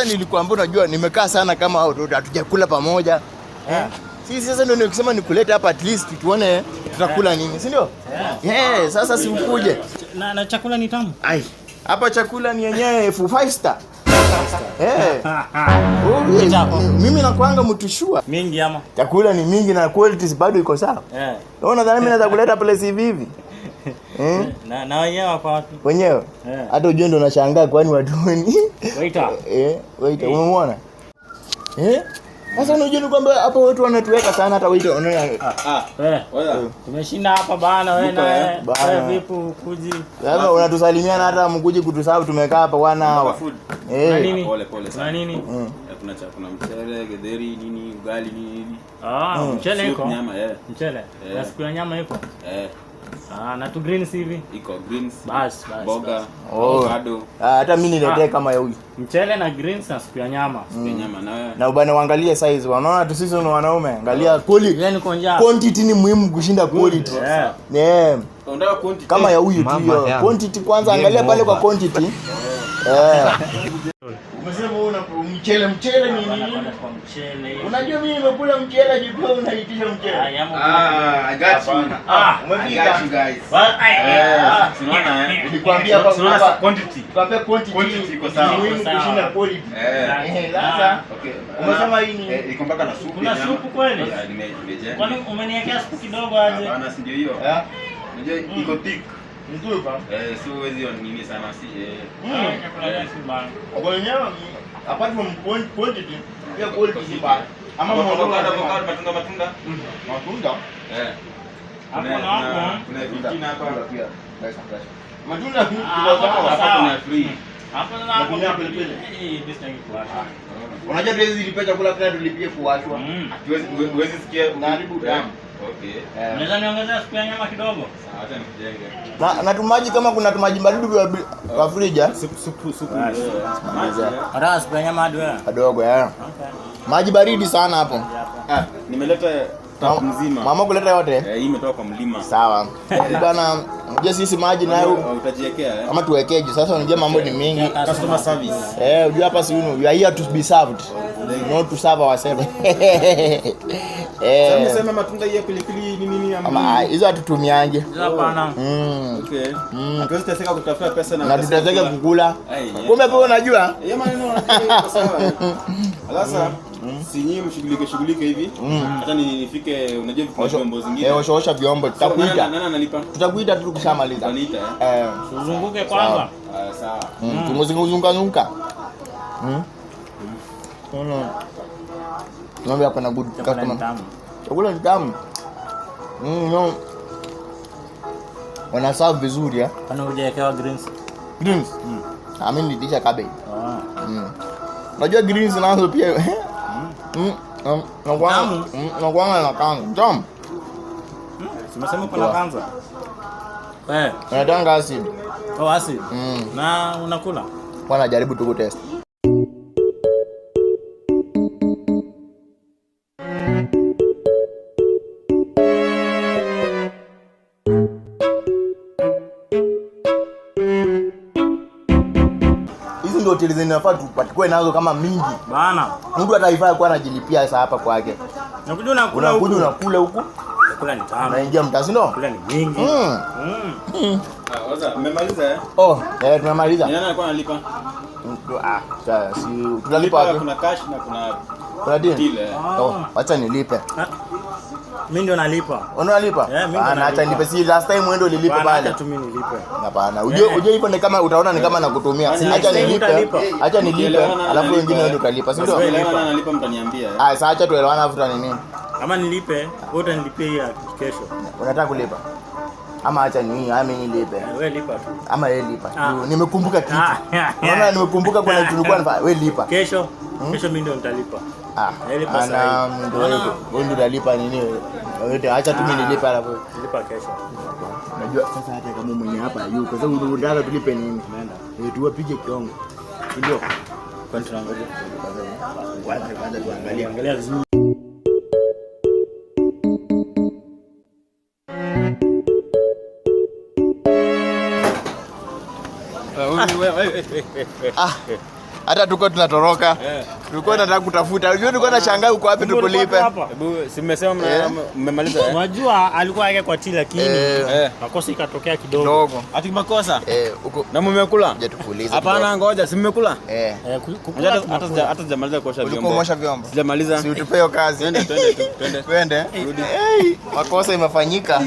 sasa nilikuambia, unajua nimekaa sana kama hao watoto, hatujakula pamoja yeah. Eh. Eh? Sisi sasa ndio nikisema nikulete hapa, at least tuone tutakula eh. nini, si ndio? Yeah. Yeah, sasa si ukuje na, na chakula ni tamu. Ai, hapa chakula ni yenyewe five star. Hey. Oh, mimi nakwanga mtushua mingi ama chakula ni mingi na quality bado iko sawa. Eh. Yeah. Unaona, dhani mimi naweza kuleta place hivi hivi Eh? na wenyewe eh. hata ujue, ndo nashangaa kwani watuoni waita, eh, umemwona sasa unajua ni kwamba hapa watu wanatuweka sana hata wito ah, ah. ah, Tumeshinda hapa bana wewe na wewe vipi kuji? Sasa yaani unatusalimiana hata mkuji kutusahau tumekaa hapa wana hawa. Eh. Pole pole sana. Nini? Kuna cha kuna mchele, gederi, nini, ugali nini. Ah, mchele iko. Nyama eh. Mchele. Na siku ya nyama iko. Eh. Ah, na tu greens hivi. Iko greens. Bas, bas. Boga. Oh. Avocado. Oh. Ah, hata mimi niletee ah, kama yoi Mchele na greens na supu ya nyama. Mm. Supu ya nyama na wewe. Na ubane uangalie size. Unaona tu sisi ni wanaume. Angalia quality. yani kwa njaa. Quantity ni muhimu kushinda quality. ne Unataka quantity. Kama ya huyu tu. Quantity kwanza angalia pale kwa quantity. Eh. Mchele mchele ni nini? Unajua mimi nimekula mchele jikoni, unaitisha mchele. Ah, ah I got you. Ah, ah, umefika guys. Ah, tunaona eh. Nilikwambia hapa tunaona quantity. Tukwambia quantity. Quantity iko sawa. Muhimu kushinda eh. quality. Eh, sasa okay. Umesema hii ni eh, iko mpaka na supu. Kuna supu kweli? Nimejeje. Kwani umeniwekea supu kidogo aje? Bana, si ndio hiyo. Eh? Unajua iko thick. Eh, si uwezi nini sana si eh. hmm. ah, kwa wenyewe apart from quantity pia quality si mbaya. Ama matunda matunda matunda eh hapo na hapo kuna vitu eh. hapa pia matunda ah, hapa kuna free eh, unajua, tuwezi lipia chakula tena tulipie kuachwa, hmm. hatuwezi sikia, unaharibu damu Okay. Um, na na tumaji kama kuna tumaji baridi wa frija. Supu supu supu. Hata siku ya nyama adoa. Adogo eh. Maji baridi sana hapo. Ah, nimeleta tapu mzima. Mama kuleta yote? Eh, hii imetoka kwa mlima. Sawa. Bwana, unajua sisi maji na utajiwekea eh. Ama tuwekeje? Sasa unajua mambo ni mingi. Customer service. Eh, unajua hapa si you are here to be served. Not to serve ourselves. Eh. Sema matunda ya pilipili ni nini ama hizo hatutumiange? Hapana. Mm. Okay. Mm. Tutateseka kutafuta pesa na tutateseka kukula. Kumbe pia unajua? Yeye maneno unajua sawa. Alasa mm. si mshughulike shughulike hivi. Mm. Hata nifike unajua vyombo zingine. Eh, osha osha vyombo tutakuita. Nani analipa? Tutakuita tu tukishamaliza. Eh. eh. Uzunguke kwanza. Sawa. Tumuzunguka zunguka. Mm. mm. Ng'ombe hapa na good customer. Chakula ni tamu. Mm, no. Wana serve vizuri ya. Eh? Kana hujawekewa greens. Greens. Mm. Ah, mimi nilisha cabbage. Ah. Mm. Unajua greens nazo pia. Eh? Mm. Mm. Na kwanza na kwanza mm, na kanga. Tom. Mm, Simesema kuna kanza. Eh. Unatanga acid. Oh, acid. Mm. Na unakula? jaribu tu kutest. hizi ndio hoteli zenye nafaa tupatikwe nazo kama mingi, bana. mtu ataifaa kwa anajilipia sasa hapa kwake, unakuja unakula huku, unakula huku, kula ni tamu, ndio? Kula ni mingi. Mm. Mm. eh? Oh, eh tumemaliza. Ni nani alikuwa analipa? Ah, si tunalipa wapi? Kuna cash na kuna kuna deal. Eh. Oh, acha nilipe. Ah. Mimi ndio nalipa. Oh, unalipa? Yeah, mimi ndio. Acha nilipe si last time wewe ndio ulilipa pale. Acha tu mimi nilipe. Hapana. Ujue ujue hivyo ni kama utaona ni kama nakutumia. Acha nilipe. Acha nilipe. Alafu wengine wewe utalipa. Si ndio? Wewe elewana nalipa mtaniambia. Ah, sasa acha tuelewana afu tani nini? Kama nilipe, wewe utanilipia hiyo kesho. Unataka kulipa? ama acha ni ama nilipe wewe lipa tu ama yeye lipa. Ah. Nimekumbuka kitu ah, naona, nimekumbuka kuna kitu nafa wewe lipa kesho. Hmm? Kesho mimi ndio nitalipa. Ah, lipa ana ndio wewe ndio unalipa nini wewe? Acha tu mimi ah, nilipe, alafu nilipa kesho. najua sasa, hata kama mwenye hapa yuko kwa sababu ndio ndio tulipe nini? tunaenda wewe tuwapige kitongo, ndio kwani tunaangalia kwanza, tuangalie angalia vizuri. Ah, hata tuko tunatoroka, tulikuwa nataka kutafuta. Unajua, nilikuwa nashangaa uko wapi, tukulipe. Simesema mmemaliza, unajua alikuwa yake kwa tili, lakini makosa ikatokea kidogo, ati makosa eh, na mmekula. Hapana, ngoja, simekula mmekula, eh. Eh, hata sijamaliza kuosha vyombo. Ulikuwa umeosha vyombo? Sijamaliza, si utupeo hiyo kazi, twende twende, twende, makosa imefanyika.